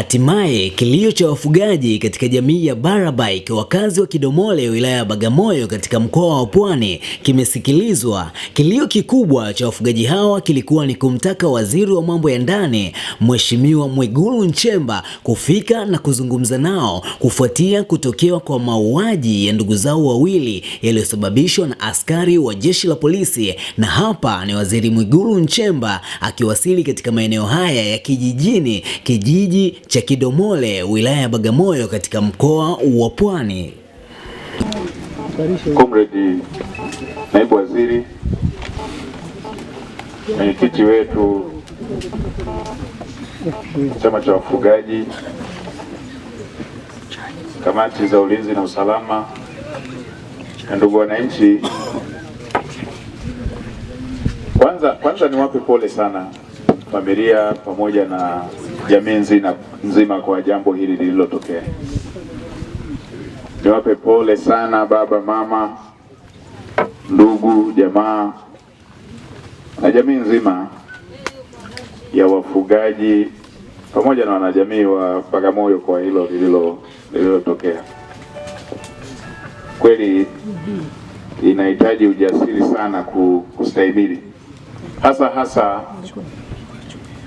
Hatimaye kilio cha wafugaji katika jamii ya Barabike wakazi wa Kidomole wilaya ya Bagamoyo katika mkoa wa Pwani kimesikilizwa. Kilio kikubwa cha wafugaji hawa kilikuwa ni kumtaka waziri wa mambo ya ndani Mheshimiwa Mwigulu Nchemba kufika na kuzungumza nao kufuatia kutokewa kwa mauaji ya ndugu zao wawili yaliyosababishwa na askari wa jeshi la polisi, na hapa ni waziri Mwigulu Nchemba akiwasili katika maeneo haya ya kijijini kijiji cha Kidomole wilaya ya Bagamoyo katika mkoa wa Pwani. Comrade naibu waziri, mwenyekiti wetu chama cha wafugaji, kamati za ulinzi na usalama, na ndugu wananchi, kwanza kwanza niwape pole sana familia pamoja na jamii nzima, nzima kwa jambo hili lililotokea. Niwape pole sana baba, mama, ndugu, jamaa na jamii nzima ya wafugaji pamoja na wanajamii wa Bagamoyo kwa hilo lililotokea. Kweli inahitaji ujasiri sana kustahimili hasa hasa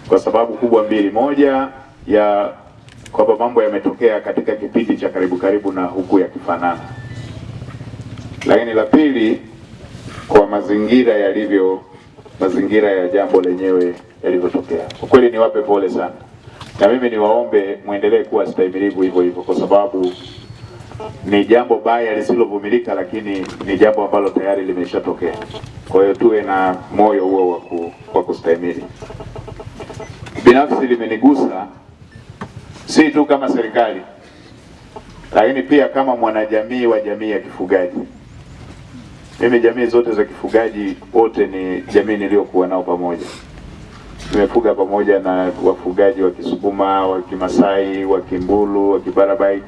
kwa sababu kubwa mbili. Moja ya kwamba mambo yametokea katika kipindi cha karibu karibu na huku ya kifanana, lakini la pili kwa mazingira yalivyo, mazingira ya jambo lenyewe yalivyotokea. Kwa kweli niwape pole sana, na mimi niwaombe mwendelee kuwa stahimilivu hivyo hivyo, kwa sababu ni jambo baya lisilovumilika, lakini ni jambo ambalo tayari limeshatokea. Kwa hiyo tuwe na moyo huo wa kustahimili binafsi limenigusa si tu kama serikali, lakini pia kama mwanajamii wa jamii ya kifugaji. Mimi jamii zote za kifugaji, wote ni jamii niliyokuwa nao pamoja. Nimefuga pamoja na wafugaji wa Kisukuma, wa Kimasai, wa Kimbulu, wa Kibarabai.